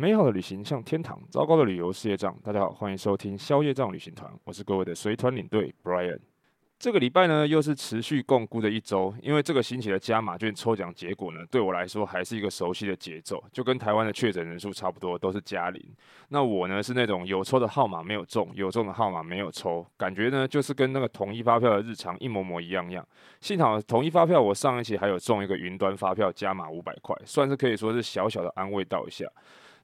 美好的旅行像天堂，糟糕的旅遊是業障。大家好，歡迎收聽消業障旅行團，我是各位的隨團領隊 Brian。這個禮拜呢，又是持續共估的一周，因為這個星期的加碼券抽獎結果呢，對我來說還是一個熟悉的節奏，就跟台灣的確診人數差不多，都是加零。那我呢，是那種有抽的號碼沒有中，有中的號碼沒有抽，感覺呢，就是跟那個統一發票的日常一模模一樣樣。幸好統一發票我上一期還有中一個雲端發票加碼五百塊，算是可以說是小小的安慰到一下。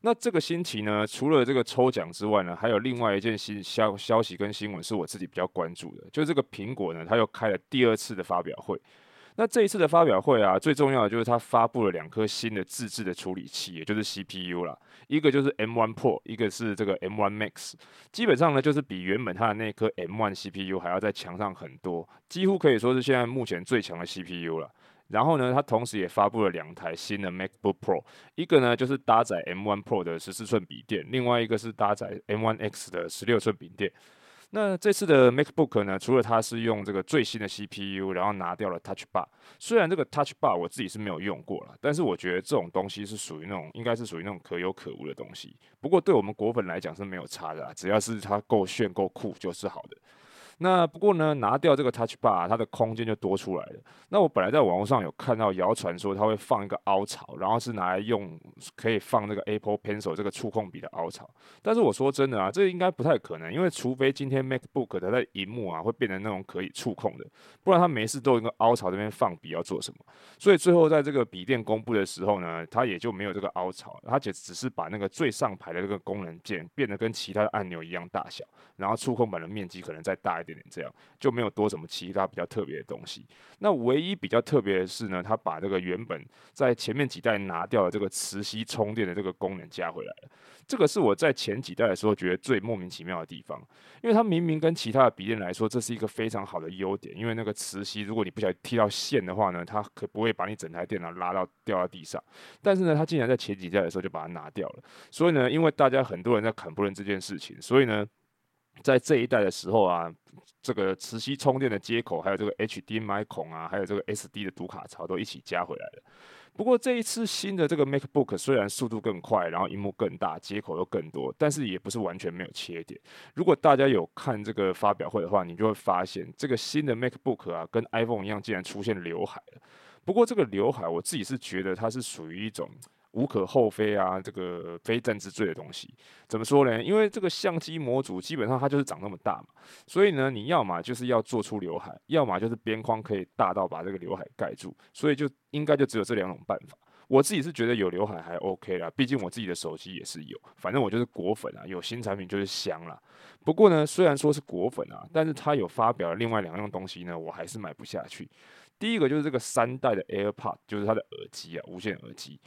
那這個星期呢，除了這個抽獎之外呢，還有另外一件新消消息跟新聞是我自己比較關注的，就是這個蘋果呢，它又開了第二次的發表會。那這一次的發表會啊，最重要的就是它發布了兩顆新的自制的處理器，也就是 CPU 啦，一個就是 M1 Pro，一個是這個 M1 Max，基本上呢，就是比原本它的那顆 M1 CPU 還要再強上很多，幾乎可以說是現在目前最強的 CPU 了。然後呢，它同時也發布了兩台新的 MacBook Pro，一個呢就是搭載 M1 Pro 的十四寸筆電，另外一個是搭載 M1 X 的十六寸筆電。那這次的 MacBook 呢，除了它是用這個最新的 CPU，然後拿掉了 Touch Bar，雖然這個 Touch Bar 我自己是沒有用過了，但是我覺得這種東西是屬於那種，應該是屬於那種可有可無的東西。不過對我們果粉來講是沒有差的啦，只要是它夠炫夠酷就是好的。那不過呢，拿掉這個 Touch Bar 啊，它的空間就多出來了。那我本來在網絡上有看到謠傳說它會放一個凹槽，然後是拿來用，可以放那個 Apple Pencil 這個觸控筆的凹槽。但是我說真的啊，這個應該不太可能，因為除非今天 MacBook 它的螢幕啊會變成那種可以觸控的，不然它沒事都有一個凹槽這邊放筆要做什麼？所以最後在這個筆電公布的時候呢，它也就沒有這個凹槽，它就只是把那個最上排的這個功能鍵變得跟其他的按鈕一樣大小，然後觸控板的面積可能再大一點。點點這樣就沒有多什麼其他比較特別的東西。那唯一比較特別的是呢，它把這個原本在前面幾代拿掉的這個磁吸充電的這個功能加回來了。這個是我在前幾代的時候覺得最莫名其妙的地方，因為它明明跟其他的筆電來說，這是一個非常好的優點。因為那個磁吸，如果你不小心踢到線的話呢，它可不會把你整台電腦拉到掉到地上。但是呢，它竟然在前幾代的時候就把它拿掉了。所以呢，因為大家很多人在 complain 這件事情，所以呢。在這一代的時候啊，這個磁吸充電的接口，還有這個 HDMI 孔啊，還有這個 SD 的讀卡槽都一起加回來了。不過這一次新的這個 MacBook 雖然速度更快，然後熒幕更大，接口又更多，但是也不是完全沒有缺點。如果大家有看這個發表會的話，你就會發現這個新的 MacBook 啊，跟 iPhone 一樣，竟然出現劉海了。不過這個劉海，我自己是覺得它是屬於一種。無可厚非啊，這個非戰之罪的東西怎麼說呢？因為這個相機模組基本上它就是長那麼大嘛，所以呢，你要嘛就是要做出劉海，要麼就是邊框可以大到把這個劉海蓋住，所以就應該就只有這兩種辦法。我自己是覺得有劉海還 OK 啦，畢竟我自己的手機也是有，反正我就是果粉啊，有新產品就是香啦。不過呢，雖然說是果粉啊，但是它有發表了另外兩樣東西呢，我還是買不下去。第一個就是這個三代的 AirPod，就是它的耳機啊，無線耳機。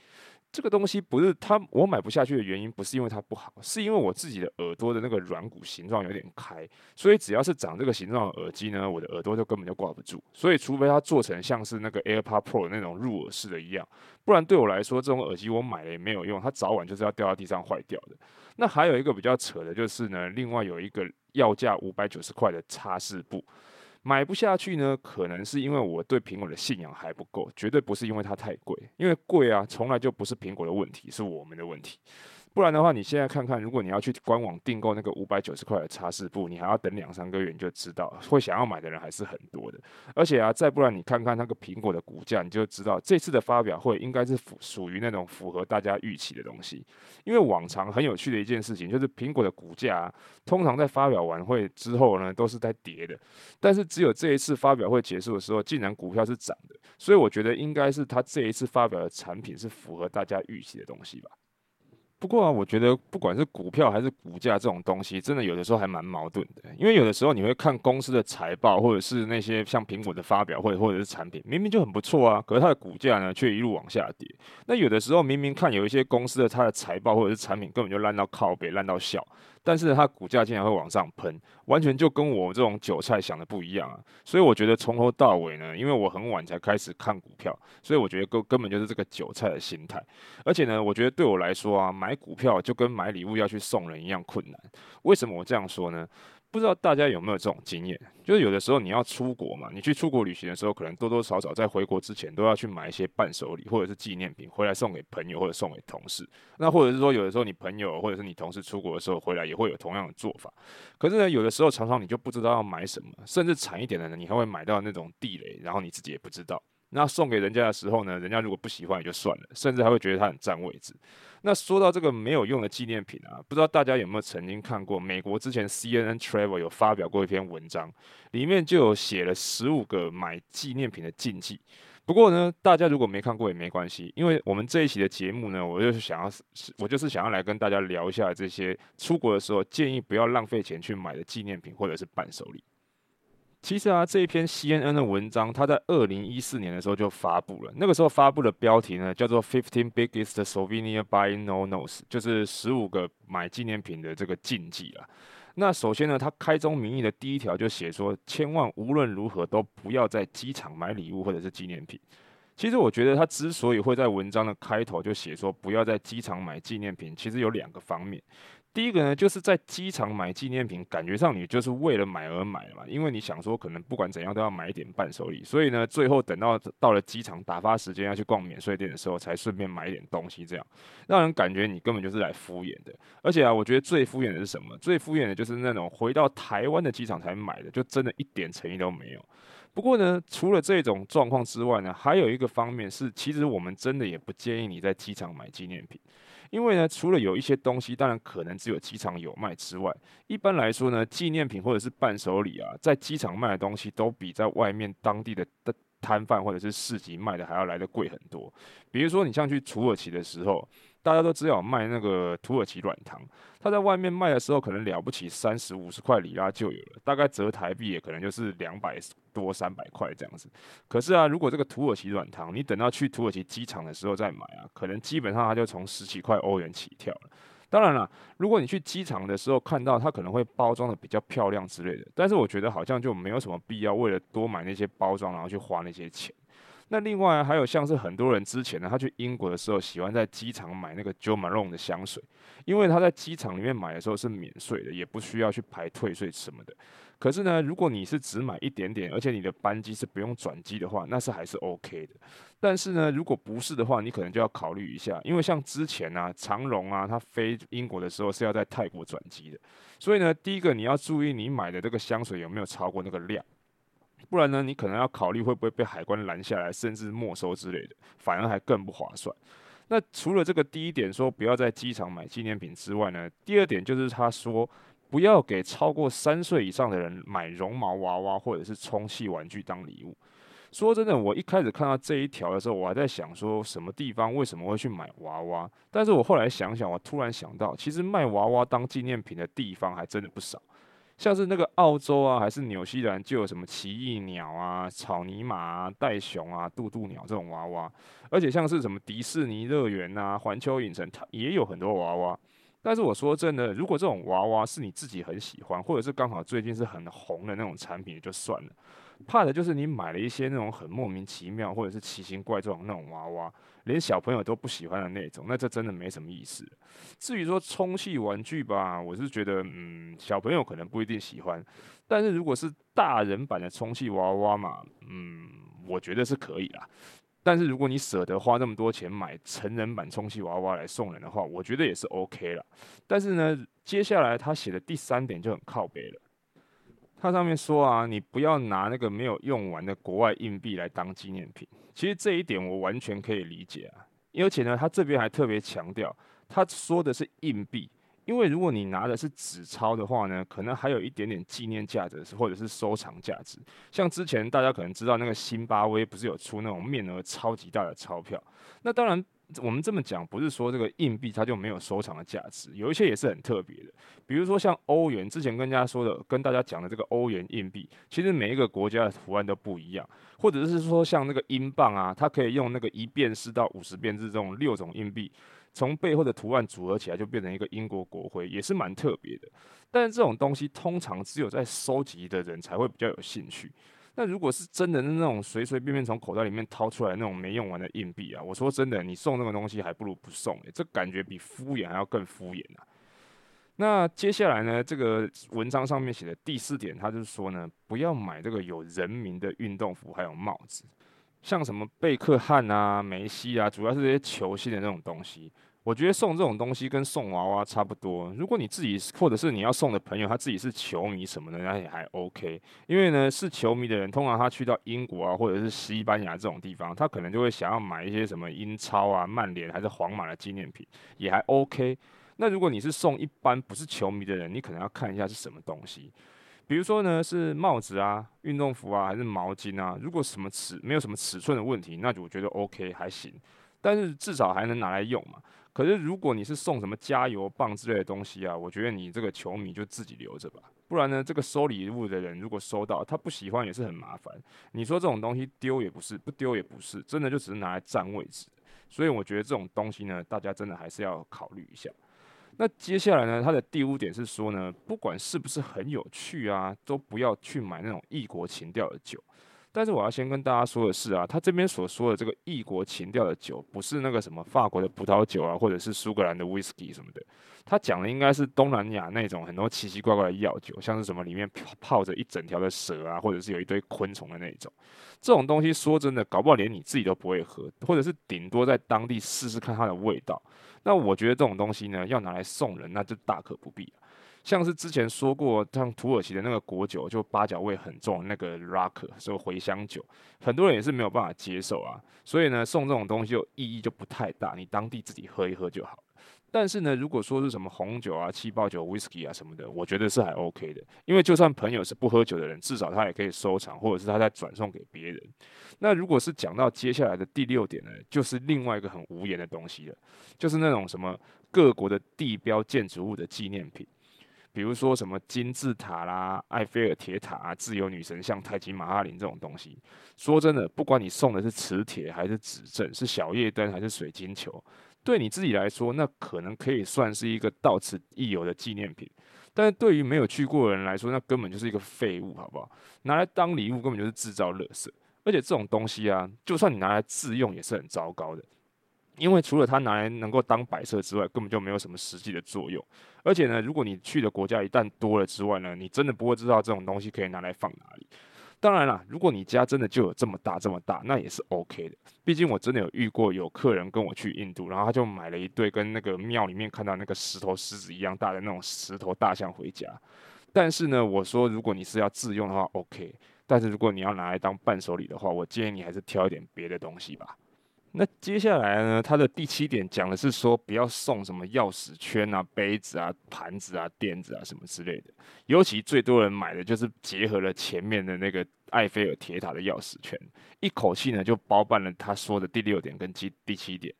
這個東西不是它，我買不下去的原因不是因為它不好，是因為我自己的耳朵的那個軟骨形狀有點開，所以只要是長這個形狀的耳機呢，我的耳朵就根本就掛不住。所以除非它做成像是那個 AirPod Pro 那種入耳式的一樣，不然對我來說，這種耳機我買了也沒有用，它早晚就是要掉到地上壞掉的。那還有一個比較扯的就是呢，另外有一個要價五百九十塊的擦拭布。買不下去呢，可能是因為我對蘋果的信仰還不夠，絕對不是因為它太貴，因為貴啊，從來就不是蘋果的問題，是我們的問題。不然的話，你現在看看，如果你要去官網訂購那個五百九十塊的擦拭布，你還要等兩三個月，你就知道會想要買的人還是很多的。而且啊，再不然你看看那個蘋果的股價，你就知道這次的發表會應該是屬屬於那種符合大家預期的東西。因為往常很有趣的一件事情就是，蘋果的股價啊，通常在發表完會之後呢，都是在跌的。但是只有這一次發表會結束的時候，竟然股票是漲的，所以我覺得應該是他這一次發表的產品是符合大家預期的東西吧。不過啊，我覺得不管是股票還是股價這種東西，真的有的時候還蠻矛盾的。因為有的時候你會看公司的財報，或者是那些像蘋果的發表會，或者或者是產品，明明就很不錯啊，可是它的股價呢卻一路往下跌。那有的時候明明看有一些公司的它的財報或者是產品，根本就爛到靠北，爛到笑。但是它股價竟然會往上噴，完全就跟我這種韭菜想的不一樣啊！所以我覺得從頭到尾呢，因為我很晚才開始看股票，所以我覺得根根本就是這個韭菜的心態。而且呢，我覺得對我來說啊，買股票就跟買禮物要去送人一樣困難。為什麼我這樣說呢？不知道大家有沒有這種經驗？就是有的時候你要出國嘛，你去出國旅行的時候，可能多多少少在回國之前都要去買一些伴手禮或者是紀念品回來送給朋友或者送給同事。那或者是說有的時候你朋友或者是你同事出國的時候回來也會有同樣的做法。可是呢，有的時候常常你就不知道要買什麼，甚至慘一點的人你還會買到那種地雷，然後你自己也不知道。那送給人家的時候呢，人家如果不喜歡也就算了，甚至還會覺得他很佔位置。那說到這個沒有用的紀念品啊，不知道大家有沒有曾經看過，美國之前 CNN Travel 有發表過一篇文章，裡面就有寫了十五個買紀念品的禁忌。不過呢，大家如果沒看過也沒關係，因為我們這一期的節目呢，我就是想要，我就是想要來跟大家聊一下這些出國的時候建議不要浪費錢去買的紀念品或者是伴手禮。其實啊，這篇 CNN 的文章，它在二零一四年的時候就發布了。那個時候發布的標題呢，叫做《Fifteen Biggest Souvenirs by No Nos》，就是十五個買紀念品的這個禁忌啊。那首先呢，它開宗明義的第一條就寫說，千萬無論如何都不要在機場買禮物或者是紀念品。其實我覺得，它之所以會在文章的開頭就寫說不要在機場買紀念品，其實有兩個方面。第一個呢，就是在機場買紀念品，感覺上你就是為了買而買的嘛，因為你想說可能不管怎樣都要買一點伴手禮，所以呢，最後等到到了機場打發時間要去逛免稅店的時候，才順便買一點東西，這樣讓人感覺你根本就是來敷衍的。而且啊，我覺得最敷衍的是什麼？最敷衍的就是那種回到台灣的機場才買的，就真的一點誠意都沒有。不過呢，除了這種狀況之外呢，還有一個方面是，其實我們真的也不建議你在機場買紀念品。因為呢，除了有一些東西，當然可能只有機場有賣之外，一般來說呢，紀念品或者是伴手禮啊，在機場賣的東西，都比在外面當地的攤販或者是市集賣的還要來得貴很多。比如說，你像去土耳其的時候。大家都知道有賣那個土耳其軟糖，他在外面賣的時候可能了不起三十五十塊里拉就有了，大概折台幣也可能就是兩百多三百塊這樣子。可是啊，如果這個土耳其軟糖你等到去土耳其機場的時候再買啊，可能基本上他就從十幾塊歐元起跳了。當然了，如果你去機場的時候看到他可能會包裝的比較漂亮之類的，但是我覺得好像就沒有什麼必要為了多買那些包裝然後去花那些錢。那另外、啊、還有像是很多人之前呢，他去英國的時候喜歡在機場買那個 Jo Malone 的香水，因為他在機場裡面買的時候是免稅的，也不需要去排退稅什麼的。可是呢，如果你是只買一點點，而且你的班機是不用轉機的話，那是還是 OK 的。但是呢，如果不是的話，你可能就要考慮一下，因為像之前啊，長榮啊，他飛英國的時候是要在泰國轉機的，所以呢，第一個你要注意你買的這個香水有沒有超過那個量。不然呢，你可能要考慮會不會被海關攔下來，甚至沒收之類的，反而還更不划算。那除了這個第一點說不要在機場買紀念品之外呢，第二點就是他說不要給超過三歲以上的人買絨毛娃娃或者是充氣玩具當禮物。說真的，我一開始看到這一條的時候，我還在想說什麼地方為什麼會去買娃娃？但是我後來想想，我突然想到，其實賣娃娃當紀念品的地方還真的不少。像是那個澳洲啊，還是紐西蘭，就有什麼奇異鳥啊、草泥馬啊、袋熊啊、渡渡鳥這種娃娃，而且像是什麼迪士尼樂園吶、環球影城，它也有很多娃娃。但是我說真的，如果這種娃娃是你自己很喜歡，或者是剛好最近是很紅的那種產品，也就算了。怕的就是你買了一些那種很莫名其妙或者是奇形怪狀的那種娃娃，連小朋友都不喜歡的那種，那這真的沒什麼意思。至於說充氣玩具吧，我是覺得，嗯，小朋友可能不一定喜歡，但是如果是大人版的充氣娃娃嘛，嗯，我覺得是可以啦。但是如果你捨得花那麼多錢買成人版充氣娃娃來送人的話，我覺得也是 OK 啦。但是呢，接下來他寫的第三點就很靠北了。他上面說啊，你不要拿那個沒有用完的國外硬幣來當紀念品。其實這一點我完全可以理解啊。而且呢，他這邊還特別強調，他說的是硬幣，因為如果你拿的是紙鈔的話呢，可能還有一點點紀念價值，或者是收藏價值。像之前大家可能知道，那個辛巴威不是有出那種面額超級大的鈔票，那當然。我們這麼講，不是說這個硬幣它就沒有收藏的價值，有一些也是很特別的。比如說像歐元，之前跟大家說的，跟大家講的這個歐元硬幣，其實每一個國家的圖案都不一樣，或者是說像那個英鎊啊，它可以用那個一便士到五十便士這種六種硬幣，從背後的圖案組合起來就變成一個英國國徽，也是蠻特別的。但是這種東西通常只有在收集的人才會比較有興趣。那如果是真的，是那種隨隨便便從口袋裡面掏出來那種沒用完的硬幣啊！我說真的，你送那個東西還不如不送欸，這感覺比敷衍還要更敷衍啊。那接下來呢，這個文章上面寫的第四點，他就是說呢，不要買這個有人名的運動服還有帽子，像什麼貝克漢啊、梅西啊，主要是這些球星的那種東西。我覺得送這種東西跟送娃娃差不多。如果你自己或者是你要送的朋友他自己是球迷什麼的，那也還 OK。因為呢，是球迷的人，通常他去到英國啊，或者是西班牙這種地方，他可能就會想要買一些什麼英超啊、曼聯還是皇馬的紀念品，也還 OK。那如果你是送一般不是球迷的人，你可能要看一下是什麼東西。比如說呢，是帽子啊、運動服啊還是毛巾啊？如果什麼尺沒有什麼尺寸的問題，那就我覺得 OK 還行。但是至少還能拿來用嘛。可是如果你是送什麼加油棒之類的東西啊，我覺得你這個球迷就自己留着吧，不然呢，這個收禮物的人如果收到他不喜歡也是很麻煩。你說這種東西丟也不是，不丟也不是，真的就只是拿來占位置。所以我覺得這種東西呢，大家真的還是要考慮一下。那接下來呢，他的第五點是說呢，不管是不是很有趣啊，都不要去買那種異國情調的酒。但是我要先跟大家說的是啊，他這邊所說的這個異國情調的酒，不是那個什麼法國的葡萄酒啊，或者是蘇格蘭的 whisky 什麼的。他講的應該是東南亞那種很多奇奇怪怪的藥酒，像是什麼裡面泡着一整條的蛇啊，或者是有一堆昆蟲的那種。這種東西說真的，搞不好連你自己都不會喝，或者是頂多在當地試試看它的味道。那我覺得這種東西呢，要拿來送人，那就大可不必了啊。像是之前說過，像土耳其的那個國酒，就八角味很重那個拉克。所以茴香酒，很多人也是沒有辦法接受啊。所以呢，送這種東西有意義就不太大，你當地自己喝一喝就好。但是呢，如果說是什麼紅酒啊、氣泡酒、威士忌啊什麼的，我覺得是還 OK 的，因為就算朋友是不喝酒的人，至少他也可以收藏，或者是他再轉送給別人。那如果是講到接下來的第六點呢，就是另外一個很無言的東西了，就是那種什麼各國的地標建築物的紀念品。比如說什麼金字塔啦、埃菲爾鐵塔啊、自由女神像、泰姬瑪哈陵這種東西，說真的，不管你送的是磁鐵還是紙鎮，是小夜燈還是水晶球，對你自己來說，那可能可以算是一個到此一遊的紀念品；但是對於沒有去過的人來說，那根本就是一個廢物，好不好？拿來當禮物，根本就是制造垃圾。而且這種東西啊，就算你拿來自用，也是很糟糕的。因為除了它拿來能夠當擺設之外，根本就沒有什麼實際的作用。而且呢，如果你去的國家一旦多了之外呢，你真的不會知道這種東西可以拿來放哪裡。當然啦，如果你家真的就有這麼大這麼大，那也是 OK 的。畢竟我真的有遇過有客人跟我去印度，然後他就買了一對跟那個廟裡面看到那個石頭獅子一樣大的那種石頭大象回家。但是呢，我說如果你是要自用的話，OK；但是如果你要拿來當伴手禮的話，我建議你還是挑一點別的東西吧。那接下來呢，他的第七點講的是說，不要送什麼鑰匙圈啊、杯子啊、盤子啊、墊子啊什麼之類的。尤其最多人買的就是結合了前面的那個艾菲爾鐵塔的鑰匙圈，一口氣呢就包辦了他說的第六點跟第七點。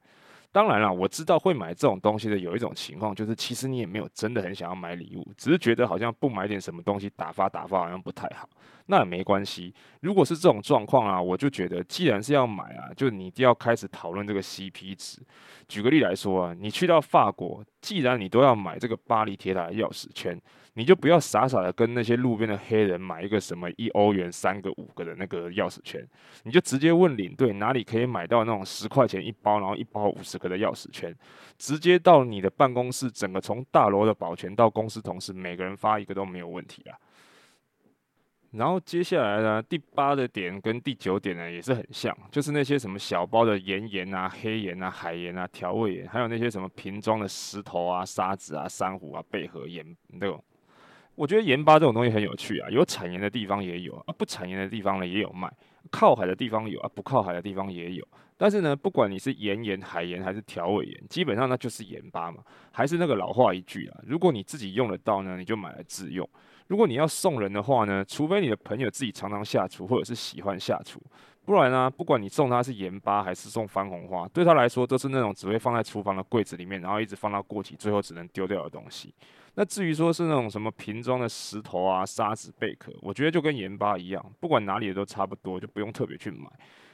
當然啦，我知道會買這種東西的有一種情況，就是其實你也沒有真的很想要買禮物，只是覺得好像不買點什麼東西打發打發好像不太好。那也沒關係，如果是這種狀況啊，我就覺得既然是要買啊，就你就要開始討論這個 CP 值。舉個例來說啊，你去到法國，既然你都要買這個巴黎鐵塔的鑰匙圈，你就不要傻傻的跟那些路邊的黑人買一個什麼一歐元三個、五個的那個鑰匙圈，你就直接問領隊哪裡可以買到那種十塊錢一包，然後一包五十個的鑰匙圈，直接到你的辦公室，整個從大樓的保全到公司同事，每個人發一個都沒有問題啊。然後接下來呢，第八的點跟第九點呢也是很像，就是那些什麼小包的岩鹽啊、黑鹽啊、海鹽啊、調味鹽，還有那些什麼瓶裝的石頭啊、沙子啊、珊瑚啊、貝殼鹽那種。我覺得鹽巴這種東西很有趣啊，有產鹽的地方也有，啊、不產鹽的地方呢也有賣。靠海的地方有啊，不靠海的地方也有。但是呢，不管你是岩鹽、海鹽還是調味鹽，基本上那就是鹽巴嘛。還是那個老話一句啊，如果你自己用得到呢，你就買來自用。如果你要送人的話呢，除非你的朋友自己常常下廚或者是喜歡下廚，不然呢，啊，不管你送他是鹽巴還是送番紅花，對他來說都是那種只會放在廚房的櫃子裡面，然後一直放到過期，最後只能丟掉的東西。那至於說是那種什麼瓶裝的石頭啊、沙子、貝殼，我覺得就跟鹽巴一樣，不管哪裡的都差不多，就不用特別去買。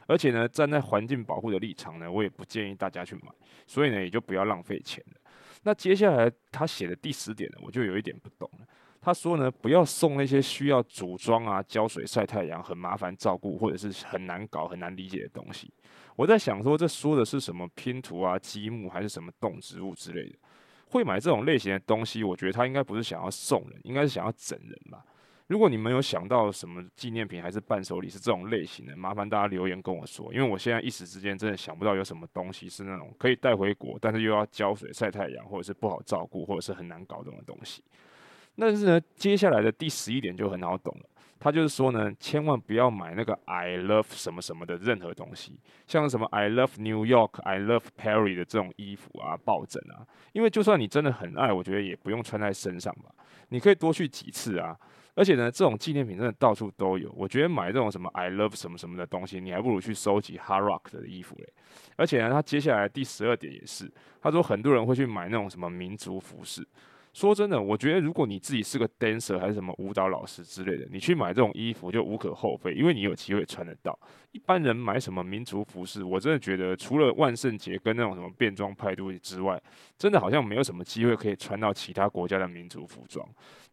而且呢，站在環境保護的立場呢，我也不建議大家去買，所以呢，也就不要浪費錢了。那接下來他寫的第十點呢，我就有一點不懂了。他說呢，不要送那些需要組裝啊、澆水、曬太陽很麻煩照顧，或者是很難搞、很難理解的東西。我在想說，這說的是什麼拼圖啊、積木，還是什麼動植物之類的？會買這種類型的東西，我覺得他應該不是想要送人，應該是想要整人吧。如果你們有想到什麼紀念品還是伴手禮是這種類型的，麻煩大家留言跟我說，因為我現在一時之間真的想不到有什麼東西是那種可以帶回國，但是又要澆水、曬太陽，或者是不好照顧，或者是很難搞這種東西。但是呢，接下來的第十一點就很好懂了，他就是說呢，千萬不要買那個 I love 什麼什麼的任何東西，像什麼 I love New York、I love Paris 的這種衣服啊、抱枕啊，因為就算你真的很愛，我覺得也不用穿在身上吧。你可以多去幾次啊，而且呢，這種紀念品真的到處都有。我覺得買這種什麼 I love 什麼什麼的東西，你還不如去收集 Hard Rock 的衣服嘞。而且呢，他接下來第十二點也是，他說很多人會去買那種什麼民族服飾。說真的，我覺得如果你自己是個 dancer 還是什麼舞蹈老師之類的，你去買這種衣服就無可厚非，因為你有機會穿得到。一般人買什麼民族服飾，我真的覺得除了萬聖節跟那種什麼變裝派對之外，真的好像沒有什麼機會可以穿到其他國家的民族服裝。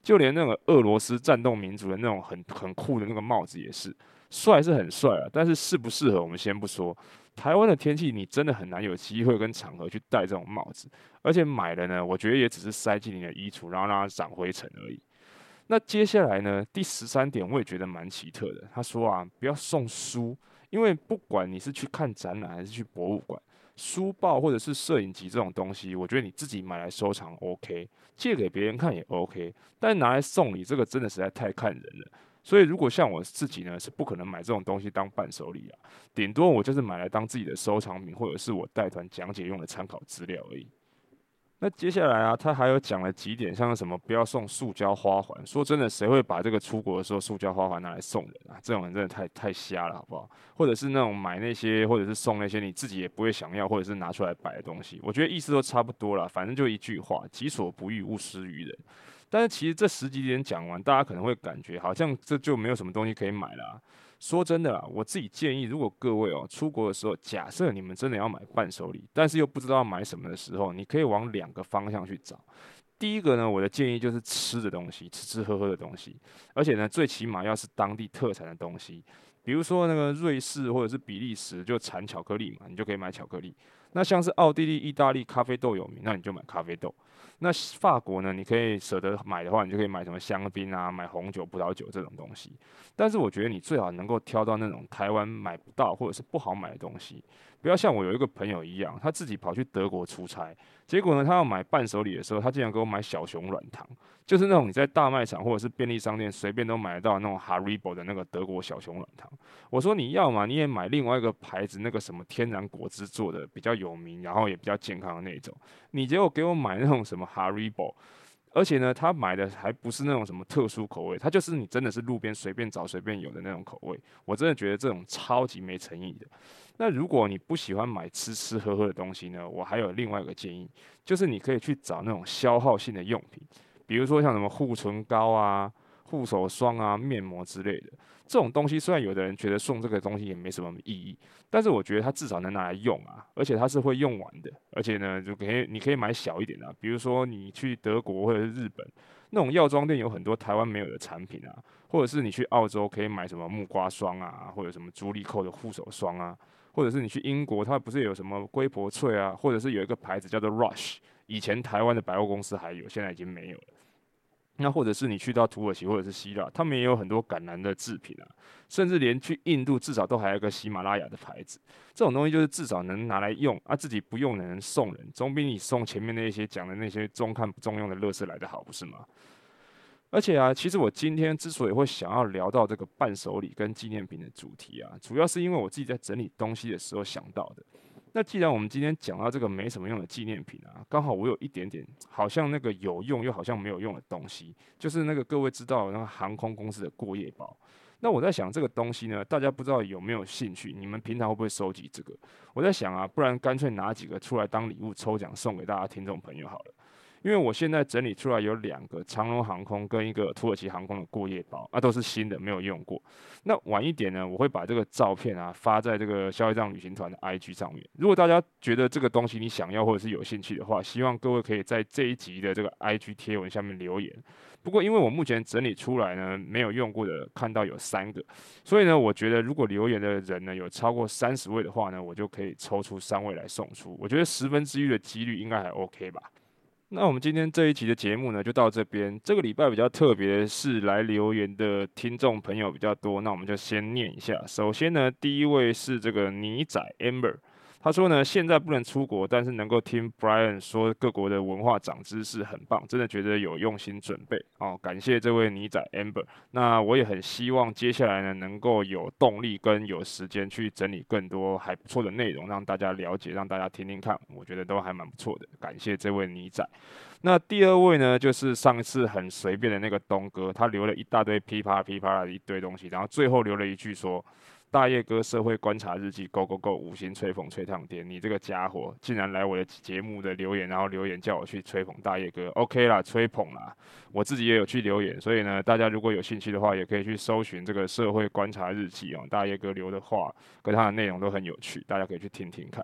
就連那個俄羅斯戰鬥民族的那種很很酷的那個帽子也是，帥是很帥啊，但是適不適合我們先不說。台灣的天氣，你真的很難有機會跟場合去戴這種帽子，而且買了呢，我覺得也只是塞進你的衣櫥，然後讓它長灰塵而已。那接下來呢，第十三點我也覺得蠻奇特的。他說啊，不要送書，因為不管你是去看展覽還是去博物館，書報或者是攝影集這種東西，我覺得你自己買來收藏 OK，借給別人看也 OK，但拿來送禮，這個真的實在太看人了。所以，如果像我自己呢，是不可能買這種東西當伴手禮啊。頂多我就是買來當自己的收藏品，或者是我帶團講解用的參考資料而已。那接下來啊，他還有講了幾點，像是什麼不要送塑膠花環。說真的，誰會把這個出國的時候塑膠花環拿來送人啊？這種人真的太太瞎了，好不好？或者是那種買那些，或者是送那些你自己也不會想要，或者是拿出來擺的東西。我覺得意思都差不多啦，反正就一句話：己所不欲，勿施於人。但是其實這十幾點講完，大家可能會感覺好像這就沒有什麼東西可以買了啊。說真的啦，我自己建議，如果各位哦出國的時候，假設你們真的要買伴手禮，但是又不知道要買什麼的時候，你可以往兩個方向去找。第一個呢，我的建議就是吃的東西，吃吃喝喝的東西，而且呢，最起碼要是當地特產的東西，比如說那個瑞士或者是比利時就產巧克力嘛，你就可以買巧克力。那像是奧地利、意大利咖啡豆有名，那你就買咖啡豆；那法國呢，你可以捨得買的話，你就可以買什麼香檳啊、買紅酒、葡萄酒這種東西。但是我覺得你最好能夠挑到那種台灣買不到或者是不好買的東西。不要像我有一個朋友一樣，他自己跑去德國出差，結果呢，他要買伴手禮的時候，他竟然給我買小熊軟糖，就是那種你在大賣場或者是便利商店隨便都買得到的那種 Haribo 的那個德國小熊軟糖。我說你要嘛，你也買另外一個牌子那個什麼天然果汁做的比較有名，然後也比較健康的那種，你結果給我買那種什麼 Haribo。而且呢，他買的還不是那種什麼特殊口味，他就是你真的是路邊隨便找、隨便有的那種口味。我真的覺得這種超級沒誠意的。那如果你不喜歡買吃吃喝喝的東西呢，我還有另外一個建議，就是你可以去找那種消耗性的用品，比如說像什麼護唇膏啊、護手霜啊、面膜之類的。這種東西雖然有的人覺得送這個東西也沒什麼意義，但是我覺得它至少能拿來用啊，而且它是會用完的，而且呢，就可以你可以買小一點的啊，比如說你去德國或者是日本，那種藥妝店有很多台灣沒有的產品啊，或者是你去澳洲可以買什麼木瓜霜啊，或者什麼茱莉蔻的護手霜啊，或者是你去英國，它不是有什麼瑰柏翠啊，或者是有一個牌子叫做 Rush，以前台灣的百貨公司還有，現在已經沒有了。那或者是你去到土耳其或者是希臘，他們也有很多橄欖的製品啊，甚至連去印度，至少都還有一個喜馬拉雅的牌子。這種東西就是至少能拿來用啊，自己不用能送人，總比你送前面那些講的那些中看不中用的垃圾來得好，不是嗎？而且啊，其實我今天之所以會想要聊到這個伴手禮跟紀念品的主題啊，主要是因為我自己在整理東西的時候想到的。那既然我們今天講到這個沒什麼用的紀念品啊，剛好我有一點點好像那個有用又好像沒有用的東西，就是那個各位知道那個航空公司的過夜包。那我在想這個東西呢，大家不知道有沒有興趣？你們平常會不會收集這個？我在想啊，不然乾脆拿幾個出來當禮物抽獎送給大家聽眾朋友好了。因為我現在整理出來有兩個長榮航空跟一個土耳其航空的過夜包，啊，都是新的，沒有用過。那晚一點呢，我會把這個照片啊發在這個消業障旅行團的 IG 上面。如果大家覺得這個東西你想要或者是有興趣的話，希望各位可以在這一集的這個 IG 貼文下面留言。不過因為我目前整理出來呢沒有用過的，看到有三個，所以呢，我覺得如果留言的人呢有超過三十位的話呢，我就可以抽出三位來送出。我覺得十分之一的幾率應該還 OK 吧。那我們今天這一集的節目呢，就到這邊。這個禮拜比較特別的是來留言的聽眾朋友比較多，那我們就先念一下。首先呢，第一位是這個尼仔 Amber。他說呢，現在不能出國，但是能夠聽 Brian 說各國的文化長知識很棒，真的覺得有用心準備哦。感謝這位妮仔 Amber。那我也很希望接下來呢，能夠有動力跟有時間去整理更多還不錯的內容，讓大家了解，讓大家聽聽看，我覺得都還蠻不錯的。感謝這位妮仔。那第二位呢，就是上一次很隨便的那個東哥，他留了一大堆噼啪噼啪的一堆東西，然後最後留了一句說。大葉哥社會觀察日記，Go Go Go，五星吹捧吹上天，你這個傢伙竟然來我的節目的留言，然後留言叫我去吹捧大葉哥，OK 啦，吹捧啦，我自己也有去留言，所以呢，大家如果有興趣的話，也可以去搜尋這個社會觀察日記啊、哦，大葉哥留的話跟他的內容都很有趣，大家可以去聽聽看。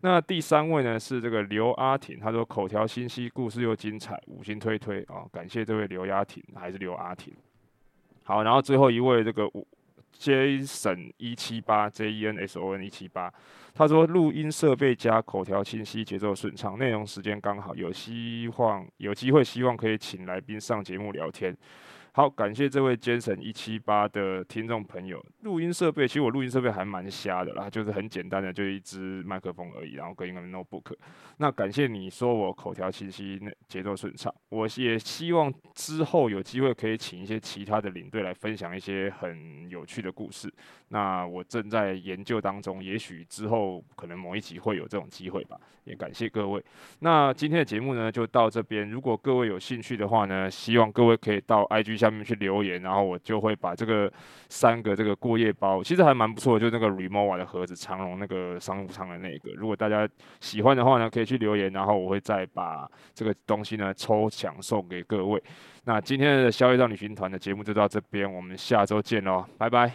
那第三位呢是這個劉阿婷，他說口條清晰，故事又精彩，五星推推啊、哦，感謝這位劉阿婷，還是劉阿婷。好，然後最後一位這個五。Jason 一七八 J E N S O N 一七八，他說錄音設備加口條清晰，節奏順暢，內容時間剛好，有希望有機會，希望可以請來賓上節目聊天。好，感謝這位 Jason 一七八的聽眾朋友。錄音設備，其實我錄音設備還蠻瞎的啦，就是很簡單的，就一支麥克風而已，然後跟一個 notebook。那感謝你說我口條清晰、節奏順暢。我也希望之後有機會可以請一些其他的領隊來分享一些很有趣的故事。那我正在研究當中，也許之後可能某一集會有這種機會吧。也感謝各位。那今天的節目呢，就到這邊。如果各位有興趣的話呢，希望各位可以到 IG 下。你們去留言，然後我就會把這個三個這個過夜包，其實還蠻不錯的，就是那個 Rimowa 的盒子，長榮那個商務艙的那個。如果大家喜歡的話呢，可以去留言，然後我會再把這個東西呢抽獎送給各位。那今天的消業障旅行團的節目就到這邊，我們下周見嘍，拜拜。